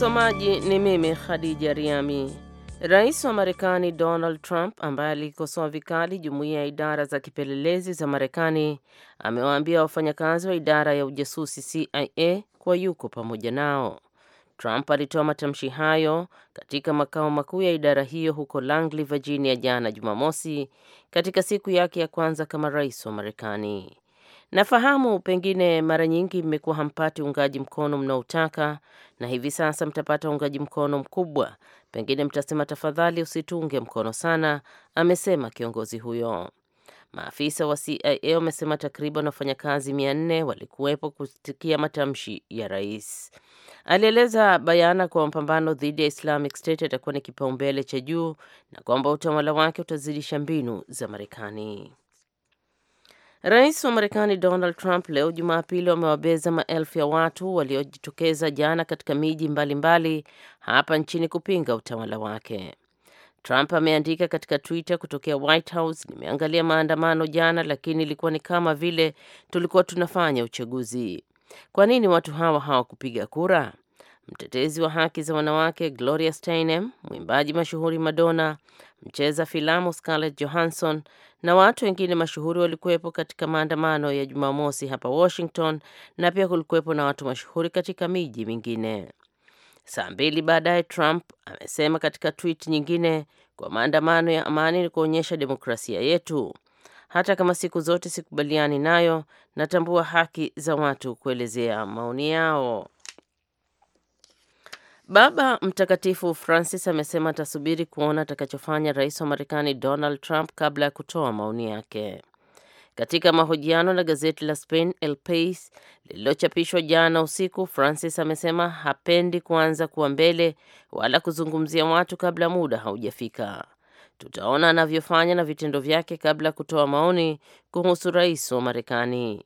Msomaji ni mimi Khadija Riami. Rais wa Marekani Donald Trump ambaye alikosoa vikali jumuiya ya idara za kipelelezi za Marekani amewaambia wafanyakazi wa idara ya ujasusi CIA kuwa yuko pamoja nao. Trump alitoa matamshi hayo katika makao makuu ya idara hiyo huko Langley, Virginia jana Jumamosi katika siku yake ya kwanza kama rais wa Marekani. Nafahamu pengine mara nyingi mmekuwa hampati uungaji mkono mnaotaka, na hivi sasa mtapata uungaji mkono mkubwa. Pengine mtasema tafadhali usitunge mkono sana, amesema kiongozi huyo. Maafisa wa CIA wamesema takriban wafanyakazi mia nne walikuwepo kusikia matamshi ya rais. Alieleza bayana kwa mapambano dhidi ya Islamic State yatakuwa ni kipaumbele cha juu na kwamba utawala wake utazidisha mbinu za Marekani. Rais wa Marekani Donald Trump leo Jumapili wamewabeza maelfu ya watu waliojitokeza jana katika miji mbalimbali mbali hapa nchini kupinga utawala wake. Trump ameandika katika Twitter kutokea White House, nimeangalia maandamano jana, lakini ilikuwa ni kama vile tulikuwa tunafanya uchaguzi. Kwa nini watu hawa hawakupiga kura? mtetezi wa haki za wanawake Gloria Steinem, mwimbaji mashuhuri Madonna, mcheza filamu Scarlett Johansson na watu wengine mashuhuri walikuwepo katika maandamano ya Jumamosi hapa Washington, na pia kulikuwepo na watu mashuhuri katika miji mingine. Saa mbili baadaye, Trump amesema katika twit nyingine kwa maandamano ya amani ni kuonyesha demokrasia yetu. Hata kama siku zote sikubaliani nayo, natambua haki za watu kuelezea maoni yao. Baba Mtakatifu Francis amesema atasubiri kuona atakachofanya rais wa Marekani Donald Trump kabla ya kutoa maoni yake. Katika mahojiano na gazeti la Spain El Pais lililochapishwa jana usiku, Francis amesema hapendi kuanza kuwa mbele wala kuzungumzia watu kabla muda haujafika. Tutaona anavyofanya na vitendo vyake kabla ya kutoa maoni kuhusu rais wa Marekani.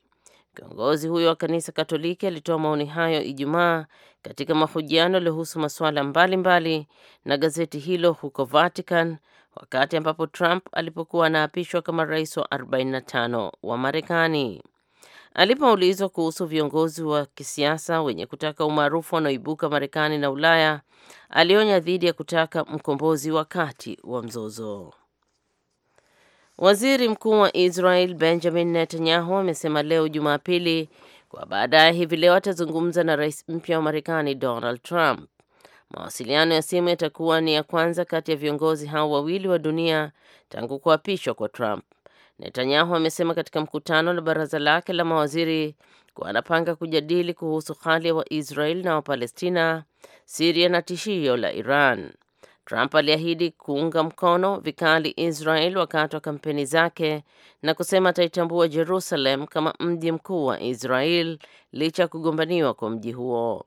Kiongozi huyo wa kanisa Katoliki alitoa maoni hayo Ijumaa katika mahojiano yaliyohusu masuala mbalimbali na gazeti hilo huko Vatican wakati ambapo Trump alipokuwa anaapishwa kama rais wa 45 wa Marekani. Alipoulizwa kuhusu viongozi wa kisiasa wenye kutaka umaarufu wanaoibuka Marekani na Ulaya, alionya dhidi ya kutaka mkombozi wakati wa mzozo. Waziri Mkuu wa Israel Benjamin Netanyahu amesema leo Jumapili kwa baadaye hivi leo atazungumza na rais mpya wa Marekani Donald Trump. Mawasiliano ya simu yatakuwa ni ya kwanza kati ya viongozi hao wawili wa dunia tangu kuapishwa kwa Trump. Netanyahu amesema katika mkutano na baraza lake la mawaziri kuwa anapanga kujadili kuhusu hali ya Waisrael na Wapalestina, Siria na tishio la Iran. Trump aliahidi kuunga mkono vikali Israel wakati wa kampeni zake na kusema ataitambua Jerusalem kama mji mkuu wa Israel licha ya kugombaniwa kwa mji huo.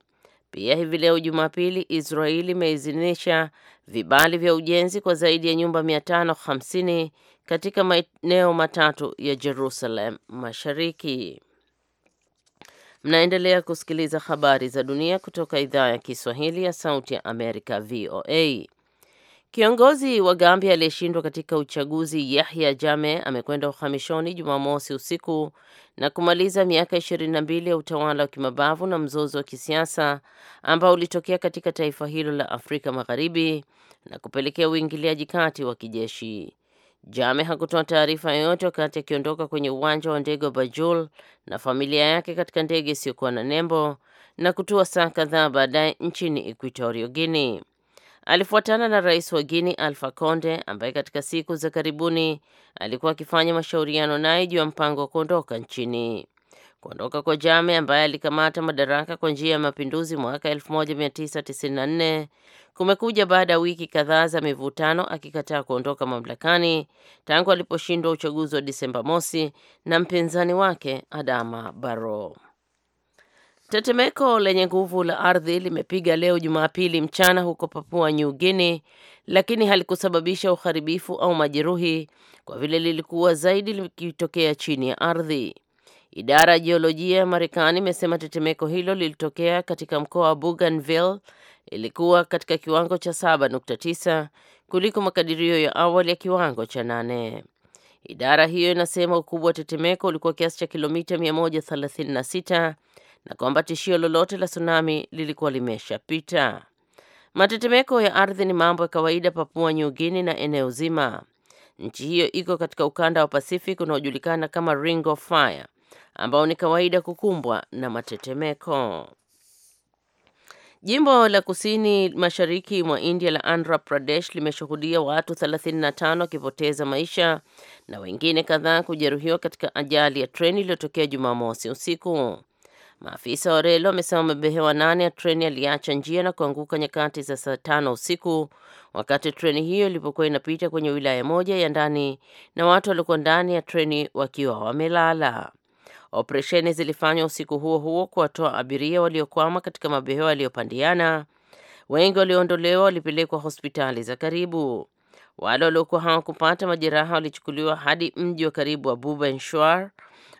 Pia hivi leo Jumapili, Israeli imeidhinisha vibali vya ujenzi kwa zaidi ya nyumba 550 katika maeneo matatu ya Jerusalem Mashariki. Mnaendelea kusikiliza habari za dunia kutoka idhaa ya Kiswahili ya Sauti ya Amerika, VOA. Kiongozi wa Gambia aliyeshindwa katika uchaguzi Yahya jame amekwenda uhamishoni Jumamosi usiku na kumaliza miaka ishirini na mbili ya utawala wa kimabavu na mzozo wa kisiasa ambao ulitokea katika taifa hilo la Afrika Magharibi na kupelekea uingiliaji kati wa kijeshi. jame hakutoa taarifa yoyote wakati akiondoka kwenye uwanja wa ndege wa Banjul na familia yake katika ndege isiyokuwa na nembo na kutua saa kadhaa baadaye nchini Equatorial Guinea. Alifuatana na rais wa Guini alfa Conde ambaye katika siku za karibuni alikuwa akifanya mashauriano naye juu ya mpango wa kuondoka nchini. Kuondoka kwa Jame ambaye alikamata madaraka kwa njia ya mapinduzi mwaka 1994 kumekuja baada ya wiki kadhaa za mivutano akikataa kuondoka mamlakani tangu aliposhindwa uchaguzi wa Disemba mosi na mpinzani wake Adama Barrow. Tetemeko lenye nguvu la ardhi limepiga leo Jumapili mchana huko Papua New Guinea, lakini halikusababisha uharibifu au majeruhi kwa vile lilikuwa zaidi likitokea chini ya ardhi. Idara ya jiolojia ya Marekani imesema tetemeko hilo lilitokea katika mkoa wa Bougainville, ilikuwa katika kiwango cha 7.9 kuliko makadirio ya awali ya kiwango cha nane. Idara hiyo inasema ukubwa wa tetemeko ulikuwa kiasi cha kilomita 136 na kwamba tishio lolote la tsunami lilikuwa limeshapita. Matetemeko ya ardhi ni mambo ya kawaida Papua New Guinea na eneo zima. Nchi hiyo iko katika ukanda wa Pacific unaojulikana kama Ring of Fire ambao ni kawaida kukumbwa na matetemeko. Jimbo la kusini mashariki mwa India la Andhra Pradesh limeshuhudia watu 35 wakipoteza maisha na wengine kadhaa kujeruhiwa katika ajali ya treni iliyotokea Jumamosi usiku. Maafisa wa reli wamesema mabehewa nane ya treni yaliacha njia na kuanguka nyakati za saa tano usiku wakati treni hiyo ilipokuwa inapita kwenye wilaya moja ya ndani na watu waliokuwa ndani ya treni wakiwa wamelala. Operesheni zilifanywa usiku huo huo kuwatoa abiria waliokwama katika mabehewa yaliyopandiana. Wengi walioondolewa walipelekwa hospitali za karibu. Wale waliokuwa hawakupata majeraha walichukuliwa hadi mji wa karibu wa Bubenshwar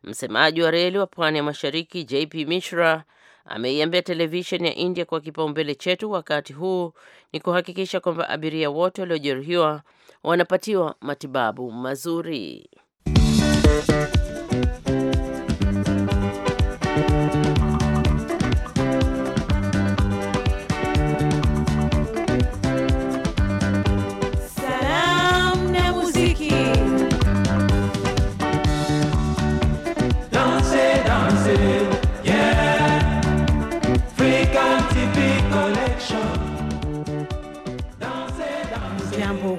Msemaji wa reli wa pwani ya mashariki JP Mishra ameiambia televisheni ya India kwa kipaumbele chetu wakati huu ni kuhakikisha kwamba abiria wote waliojeruhiwa wanapatiwa matibabu mazuri.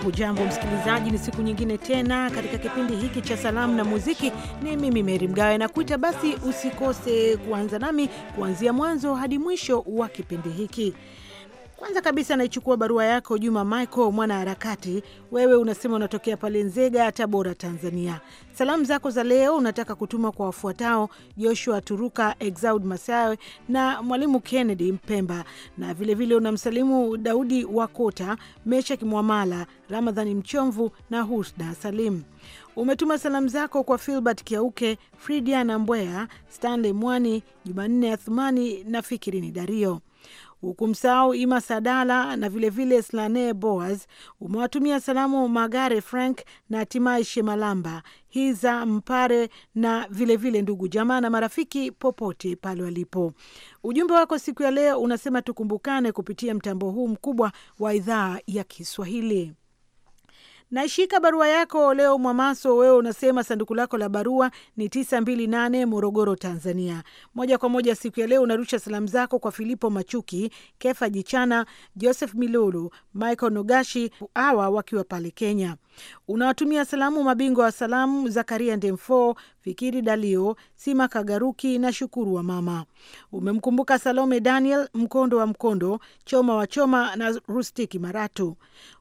Hujambo msikilizaji, ni siku nyingine tena katika kipindi hiki cha salamu na muziki. Ni mimi Meri Mgawe nakuita, basi usikose kuanza nami kuanzia mwanzo hadi mwisho wa kipindi hiki. Kwanza kabisa naichukua barua yako Juma Michael mwanaharakati. Wewe unasema unatokea pale Nzega, Tabora, Tanzania. Salamu zako za leo unataka kutuma kwa wafuatao: Joshua Turuka, Exaud Masawe na Mwalimu Kennedy Mpemba, na vilevile unamsalimu Daudi Wakota, Mesha Kimwamala, Ramadhani Mchomvu na Husda Salim. Umetuma salamu zako kwa Filbert Kiauke, Fridiana Mbwea, Stanley Mwani, Jumanne Athumani na Fikirini Dario huku Ima Sadala na vilevile Slane Boas umewatumia salamu Magare Frank na Timai Shemalamba Hiza Mpare na vilevile vile ndugu jamaa na marafiki popote pale walipo. Ujumbe wako siku ya leo unasema tukumbukane kupitia mtambo huu mkubwa wa idhaa ya Kiswahili naishika barua yako leo Mwamaso, wewe unasema sanduku lako la barua ni 928 Morogoro, Tanzania. Moja kwa moja siku ya leo unarusha salamu zako kwa Filipo Machuki, Kefa Jichana, Joseph Milulu, Michael Nogashi, hawa wakiwa pale Kenya. Unawatumia salamu mabingwa wa salamu Zakaria Ndemfo, Fikiri Dalio, Sima Kagaruki na Shukuru wa Mama. Umemkumbuka Salome Daniel, Mkondo wa Mkondo, Choma wa Choma na Rustiki Maratu.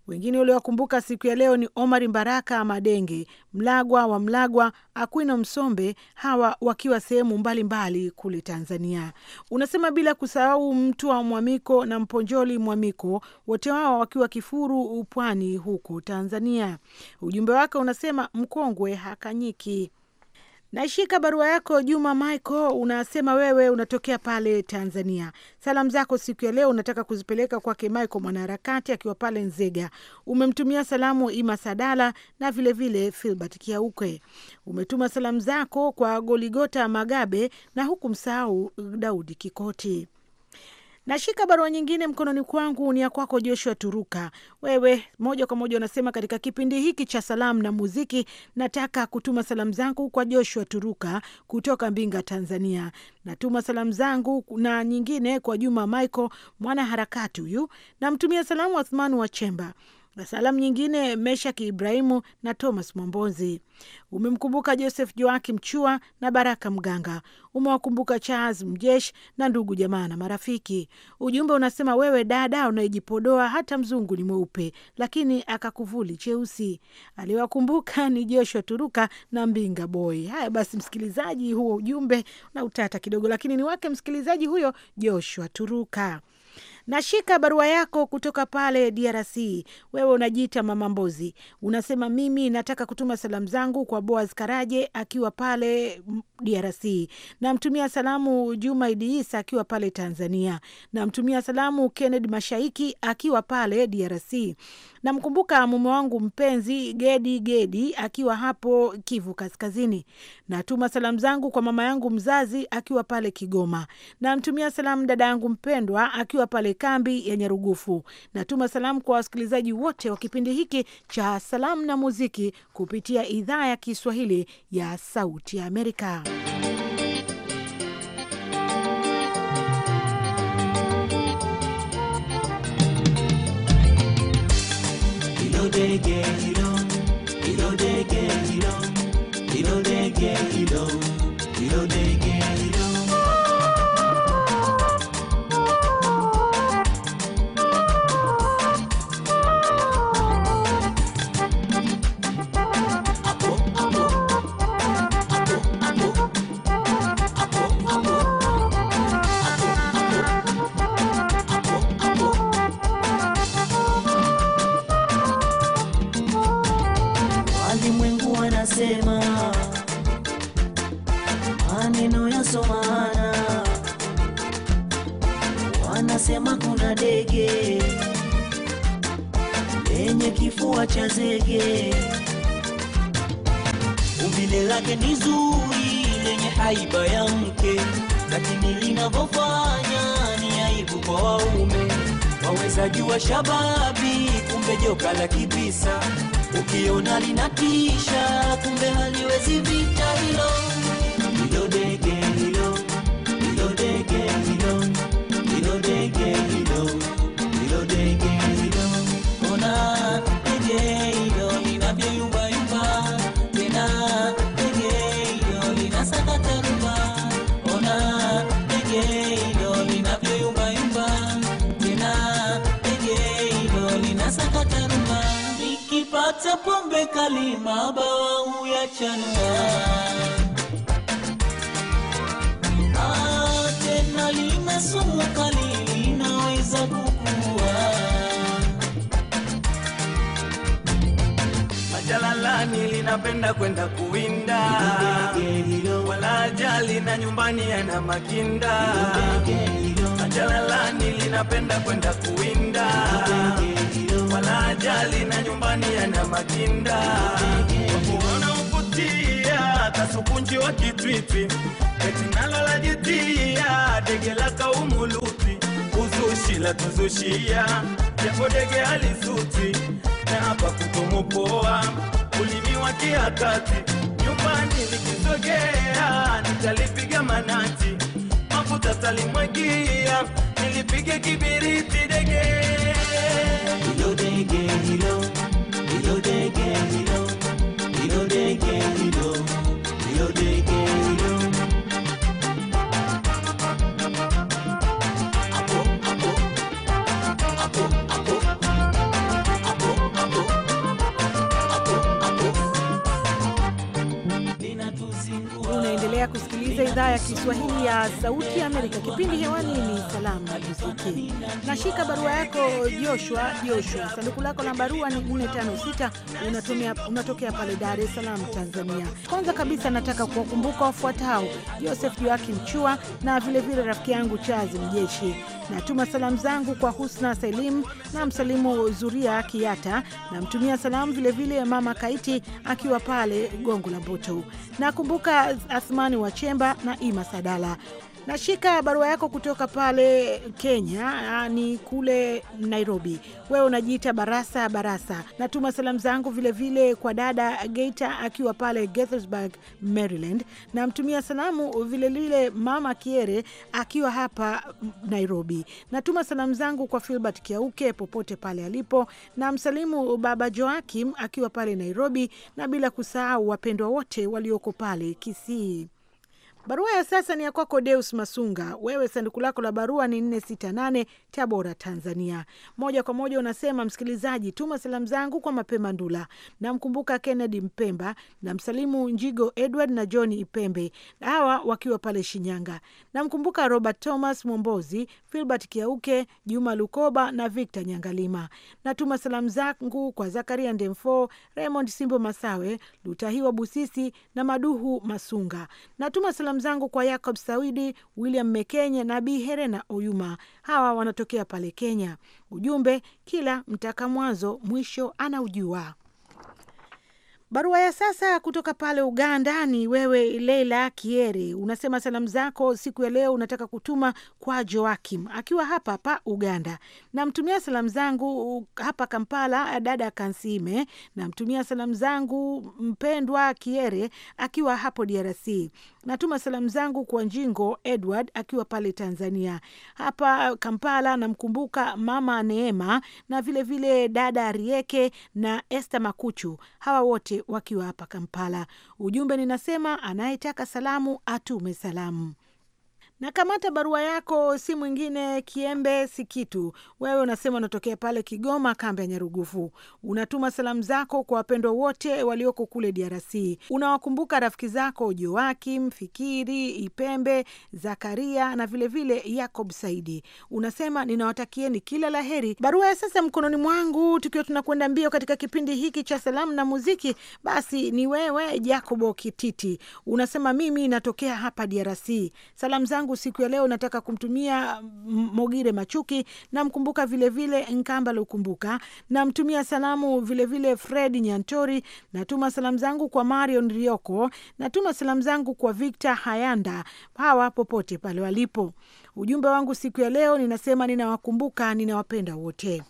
Wengine uliowakumbuka siku ya leo ni Omari Mbaraka Madenge, Mlagwa wa Mlagwa, Akwino Msombe, hawa wakiwa sehemu mbalimbali kule Tanzania. Unasema bila kusahau mtu wa Mwamiko na Mponjoli Mwamiko, wote wao wakiwa Kifuru upwani huko Tanzania. Ujumbe wake unasema mkongwe hakanyiki. Nashika barua yako Juma Michael, unasema wewe unatokea pale Tanzania. Salamu zako siku ya leo unataka kuzipeleka kwake Michael mwanaharakati akiwa pale Nzega. Umemtumia salamu Ima Sadala na vilevile Filbert Kiauke. Umetuma salamu zako kwa Goligota Magabe na huku msahau Daudi Kikoti. Nashika barua nyingine mkononi kwangu, ni ya kwako Joshua Turuka. Wewe moja kwa moja unasema, katika kipindi hiki cha salamu na muziki, nataka kutuma salamu zangu kwa Joshua Turuka kutoka Mbinga, Tanzania. Natuma salamu zangu na nyingine kwa Juma Michael, mwanaharakati huyu. Namtumia salamu Wathmani wa Chemba na salamu nyingine Meshaki Ibrahimu na Thomas Mwambozi. Umemkumbuka Joseph Joaki Mchua na Baraka Mganga. Umewakumbuka Charles mjesh na ndugu jamaa na marafiki. Ujumbe unasema wewe dada unayejipodoa hata mzungu ni mweupe, lakini akakuvuli cheusi. Aliwakumbuka ni Joshua Turuka na Mbinga Boy. Haya basi, msikilizaji, huo ujumbe na utata kidogo, lakini ni wake msikilizaji huyo Joshua Turuka. Nashika barua yako kutoka pale DRC. Wewe unajiita Mama Mbozi, unasema mimi nataka kutuma salamu zangu kwa Boaz Karaje akiwa pale DRC, namtumia salamu Juma Idiisa akiwa pale Tanzania, namtumia salamu Kennedy Mashaiki akiwa pale DRC, namkumbuka mume wangu mpenzi Gedi Gedi akiwa hapo Kivu Kaskazini. Natuma salamu zangu kwa mama yangu mzazi akiwa pale Kigoma, namtumia salamu dada yangu mpendwa akiwa pale kambi ya Nyarugufu. Natuma salamu kwa wasikilizaji wote wa kipindi hiki cha salamu na muziki kupitia idhaa ya Kiswahili ya Sauti ya Amerika. Hilo dege hilo, hilo dege hilo, hilo dege hilo Ah, Napenda kwenda kuwinda wala ajali na nyumbani yana makinda majalalani linapenda kwenda kuwinda wala ajali na nyumbani yana makinda Mbeke, jitia kasukunji wa kitwitwi eti nalo la jitia dege la kaumulupi uzushi la tuzushia japo dege halisuti na hapa kutomopoa ulimi wa kiakati nyumbani nikisogea nitalipiga manati mafuta talimwagia nilipige kibiriti dege hilo dege hilo hilo dege hilo deke hilo, hilo deke hilo idhaa ya Kiswahili ya Sauti ya Amerika. Kipindi hewani ni salamu na muziki. Nashika barua yako Joshua. Joshua, sanduku lako la barua ni 456 unatumia, unatokea pale Dar es Salaam, Tanzania. Kwanza kabisa nataka kuwakumbuka wafuatao: Joseph Joakim Chua na vilevile rafiki yangu Chazi Mjeshi Natuma salamu zangu kwa Husna Selim na msalimu Zuria Kiata, namtumia salamu vilevile vile mama Kaiti akiwa pale Gongo la Mboto. Nakumbuka Athmani wa Chemba na Ima Sadala Nashika barua yako kutoka pale Kenya, ah, ni kule Nairobi. Wewe unajiita Barasa Barasa. Natuma salamu zangu vilevile kwa dada Geita akiwa pale Gaithersburg, Maryland. Namtumia salamu vilevile mama Kiere akiwa hapa Nairobi. Natuma salamu zangu kwa Filbert Kiauke popote pale alipo, na msalimu baba Joakim akiwa pale Nairobi, na bila kusahau wapendwa wote walioko pale Kisii. Barua ya sasa ni ya kwako Deus Masunga. Wewe sanduku lako la barua ni 468 Tabora, Tanzania. Moja kwa moja unasema, msikilizaji, tuma salamu zangu kwa Mapema Ndula, namkumbuka Kennedy Mpemba na msalimu Njigo Edward na John Ipembe, hawa wakiwa pale Shinyanga. Namkumbuka Robert Thomas Mwombozi, Filbert Kiauke, Juma Lukoba na Victor Nyangalima. Natuma salamu zangu kwa Zakaria Ndemfo, Raymond Simbo Masawe, Lutahiwa Busisi na Maduhu Masunga. Natuma salamu salamu zangu kwa yacob Sawidi, William Mekenye na Bi Herena Oyuma, hawa wanatokea pale Kenya. Ujumbe, kila mtaka mwanzo mwisho anaujua. Barua ya sasa kutoka pale Uganda ni wewe Leila Kiere, unasema salamu zako siku ya leo unataka kutuma kwa Joakim akiwa hapa hapa Uganda. Namtumia salamu zangu uh, hapa Kampala dada Kansime, namtumia salamu zangu mpendwa Kiere akiwa hapo DRC. Natuma salamu zangu kwa Njingo Edward akiwa pale Tanzania. Hapa Kampala namkumbuka mama Neema na vilevile vile dada Rieke na Esther Makuchu, hawa wote wakiwa hapa Kampala. Ujumbe ninasema, anayetaka salamu atume salamu. Nakamata barua yako, si mwingine Kiembe si kitu. Wewe unasema unatokea pale Kigoma, kambi ya Nyarugufu. Unatuma salamu zako kwa wapendwa wote walioko kule DRC. Unawakumbuka rafiki zako Joakim Fikiri, Ipembe Zakaria na vilevile vile Yakob Saidi. Unasema ninawatakieni kila la heri. Barua ya sasa mkononi mwangu, tukiwa tunakwenda mbio katika kipindi hiki cha salamu na muziki, basi ni wewe Jacobo Kititi. Unasema mimi natokea hapa DRC, salamu zangu yangu siku ya leo nataka kumtumia Mogire Machuki, namkumbuka vilevile Nkamba Lukumbuka, namtumia salamu vilevile Fred Nyantori, natuma salamu zangu kwa Marion Rioko, natuma salamu zangu kwa Victor Hayanda, hawa popote pale walipo. Ujumbe wangu siku ya leo ninasema, ninawakumbuka, ninawapenda wote.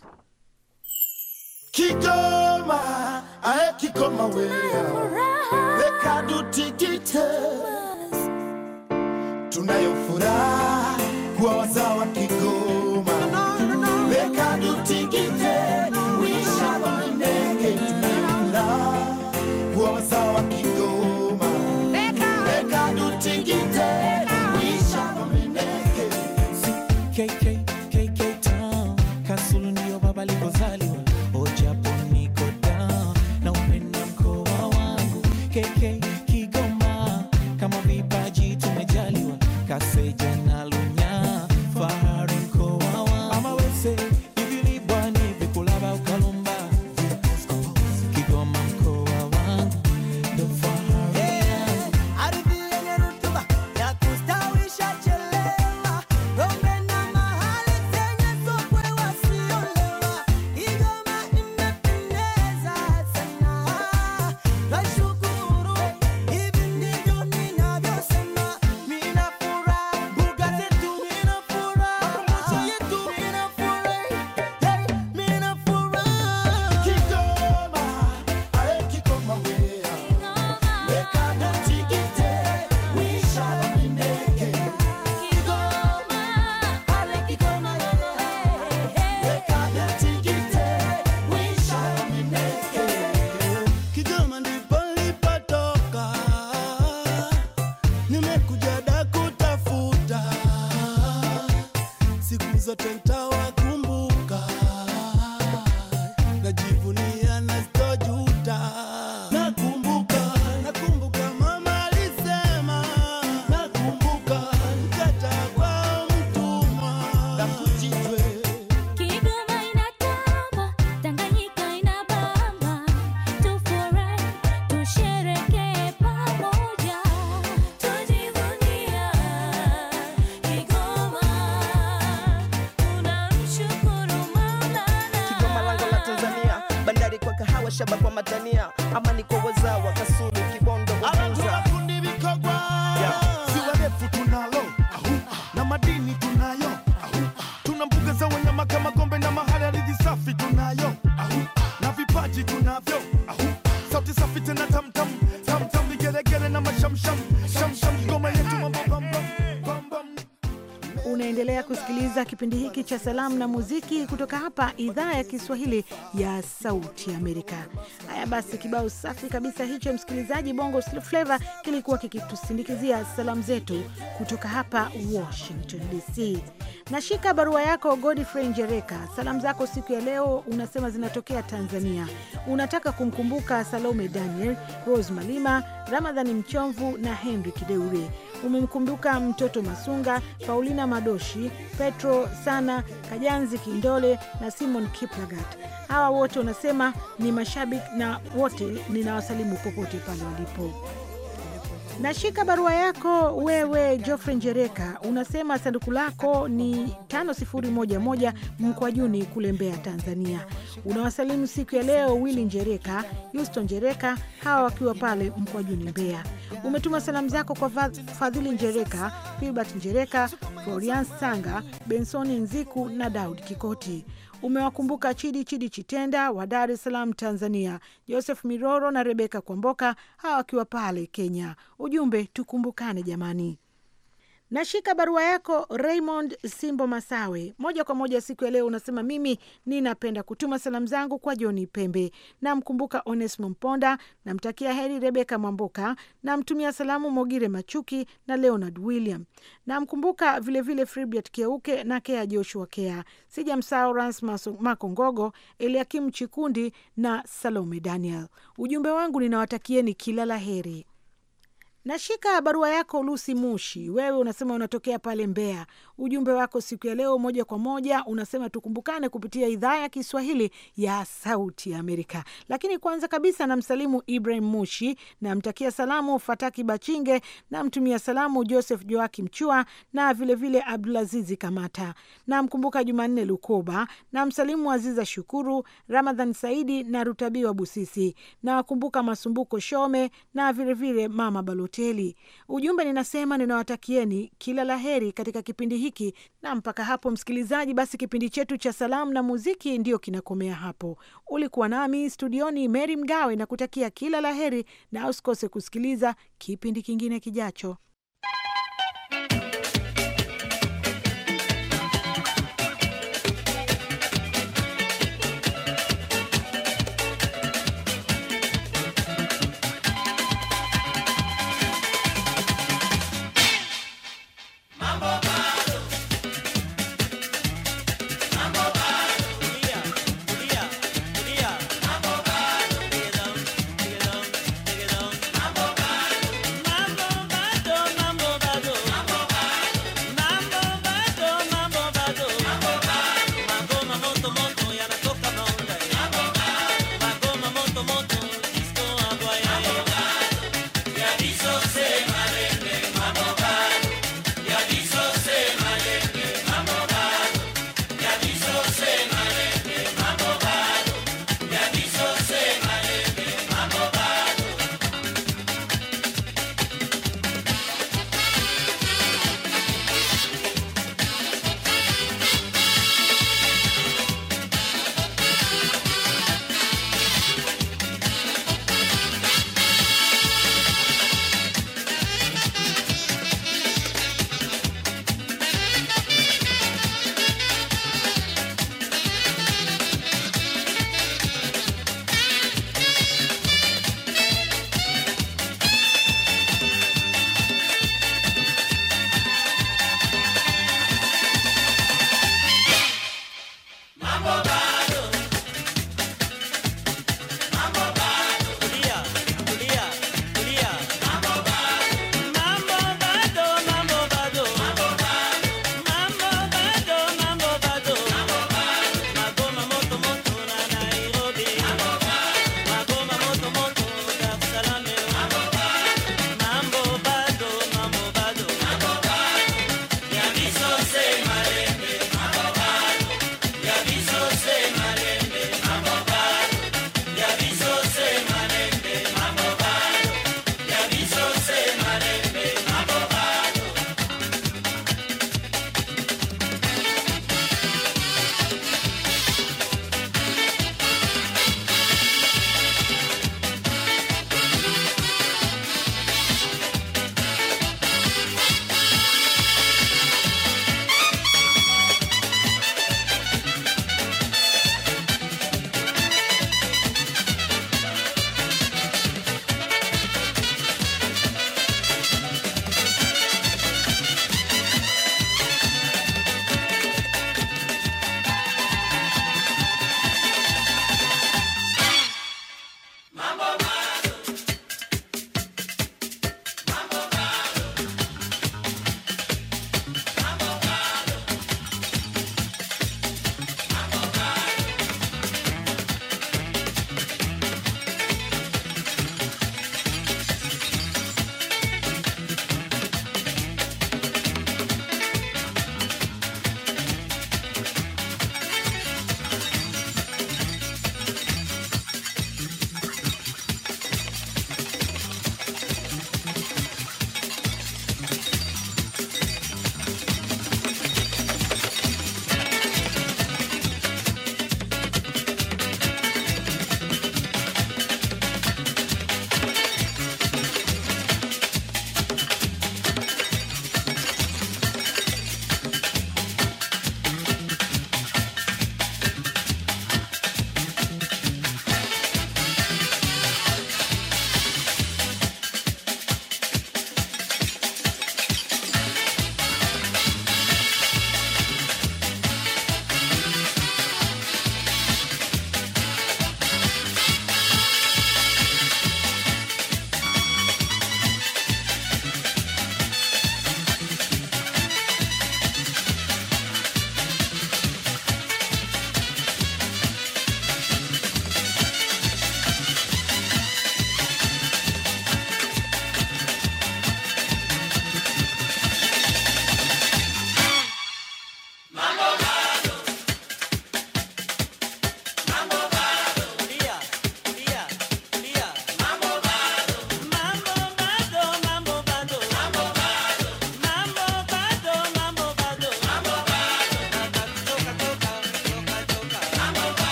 Kigoma Kigoma weya tornei-o say a ten I'm a shum shum. Unaendelea kusikiliza kipindi hiki cha salamu na muziki kutoka hapa idhaa ya Kiswahili ya Sauti Amerika. Haya basi, kibao safi kabisa hicho, msikilizaji. Bongo Flava kilikuwa kikitusindikizia salamu zetu kutoka hapa Washington DC. Nashika barua yako Godfrey Njereka. Salamu zako siku ya leo unasema zinatokea Tanzania. Unataka kumkumbuka Salome Daniel, Rose Malima, Ramadhani Mchomvu na Henry Kideure umemkumbuka mtoto Masunga, Paulina Madoshi, Petro Sana, Kajanzi Kindole na Simon Kiplagat. Hawa wote unasema ni mashabiki, na wote ninawasalimu popote pale walipo. Nashika barua yako wewe Geoffrey Njereka, unasema sanduku lako ni 5011 Mkwajuni kule Mbeya, Tanzania. Unawasalimu siku ya leo Willi Njereka, Houston Njereka, hawa wakiwa pale Mkwajuni Mbeya. Umetuma salamu zako kwa Fadhili Njereka, Filbert Njereka, Florian Sanga, Bensoni Nziku na Daud Kikoti umewakumbuka Chidi Chidi Chitenda wa Dar es Salaam, Tanzania, Joseph Miroro na Rebeka Kwamboka, hawa wakiwa pale Kenya. Ujumbe, tukumbukane jamani. Nashika barua yako Raymond Simbo Masawe, moja kwa moja siku ya leo. Unasema mimi ninapenda kutuma salamu zangu kwa Joni Pembe, namkumbuka Onesmo Mponda, namtakia heri Rebeka Mwamboka, namtumia salamu Mogire Machuki na Leonard William, namkumbuka vilevile Fribiat Keuke na Kea Joshua Kea, sijamsahau Rasmus Makongogo, Eliakim Chikundi na Salome Daniel. Ujumbe wangu ninawatakieni kila la heri. Nashika barua yako Lusi Mushi, wewe unasema unatokea pale Mbeya, ujumbe wako siku ya leo moja kwa moja unasema tukumbukane kupitia idhaa ya Kiswahili ya Sauti ya Amerika. Lakini kwanza kabisa namsalimu Ibrahim Mushi, namtakia salamu Fataki Bachinge, namtumia salamu Joseph Joaki Mchua na vilevile Abdulazizi Kamata, namkumbuka Jumanne Lukoba, namsalimu Aziza Shukuru, Ramadhan Saidi na Rutabiwa Busisi, nawakumbuka Masumbuko Shome na vilevile Mama Baloteli. Ujumbe ninasema ninawatakieni kila laheri katika kipindi hiki hiki. Na mpaka hapo, msikilizaji, basi kipindi chetu cha salamu na muziki ndio kinakomea hapo. Ulikuwa nami studioni Meri Mgawe na kutakia kila la heri, na usikose kusikiliza kipindi kingine kijacho.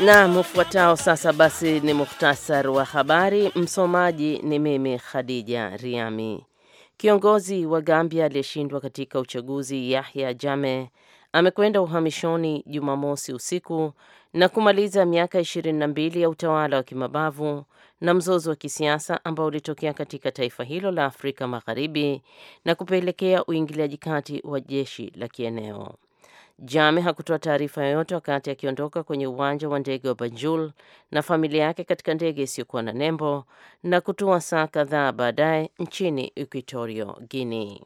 Na ufuatao sasa basi ni muhtasar wa habari. Msomaji ni mimi Khadija Riami. Kiongozi wa Gambia aliyeshindwa katika uchaguzi Yahya jame amekwenda uhamishoni Jumamosi usiku na kumaliza miaka 22 na mbili ya utawala wa kimabavu na mzozo wa kisiasa ambao ulitokea katika taifa hilo la Afrika Magharibi na kupelekea uingiliaji kati wa jeshi la kieneo. Jame hakutoa taarifa yoyote wakati akiondoka kwenye uwanja wa ndege wa Banjul na familia yake katika ndege isiyokuwa na nembo na kutua saa kadhaa baadaye nchini Equatorio Guinea.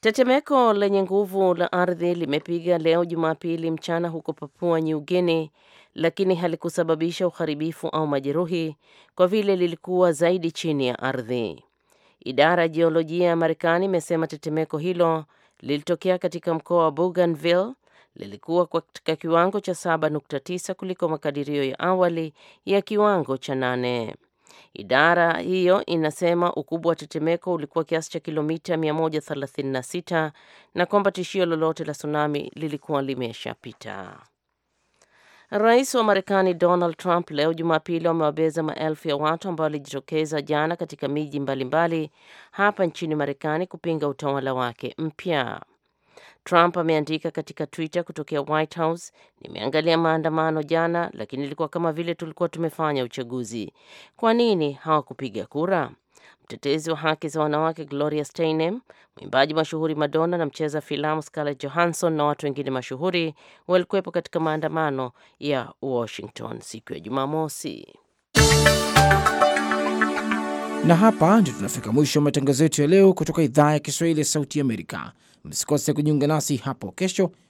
Tetemeko lenye nguvu la ardhi limepiga leo Jumapili mchana huko Papua New Guinea, lakini halikusababisha uharibifu au majeruhi kwa vile lilikuwa zaidi chini ya ardhi. Idara ya jiolojia ya Marekani imesema tetemeko hilo lilitokea katika mkoa wa Bougainville lilikuwa katika kiwango cha 7.9 kuliko makadirio ya awali ya kiwango cha nane. Idara hiyo inasema ukubwa wa tetemeko ulikuwa kiasi cha kilomita 136 na kwamba tishio lolote la tsunami lilikuwa limeshapita. Rais wa Marekani Donald Trump leo Jumapili wamewabeza maelfu ya watu ambao walijitokeza jana katika miji mbalimbali hapa nchini Marekani kupinga utawala wake mpya. Trump ameandika katika Twitter kutokea White House, nimeangalia maandamano jana, lakini ilikuwa kama vile tulikuwa tumefanya uchaguzi. Kwa nini hawakupiga kura? Mtetezi wa haki za wanawake Gloria Steinem, mwimbaji mashuhuri Madonna na mcheza filamu Scarlett Johansson na watu wengine mashuhuri walikuwepo katika maandamano ya Washington siku ya Jumamosi. Na hapa ndio tunafika mwisho wa matangazo yetu ya leo kutoka idhaa ya Kiswahili ya Sauti Amerika. Msikose kujiunga nasi hapo kesho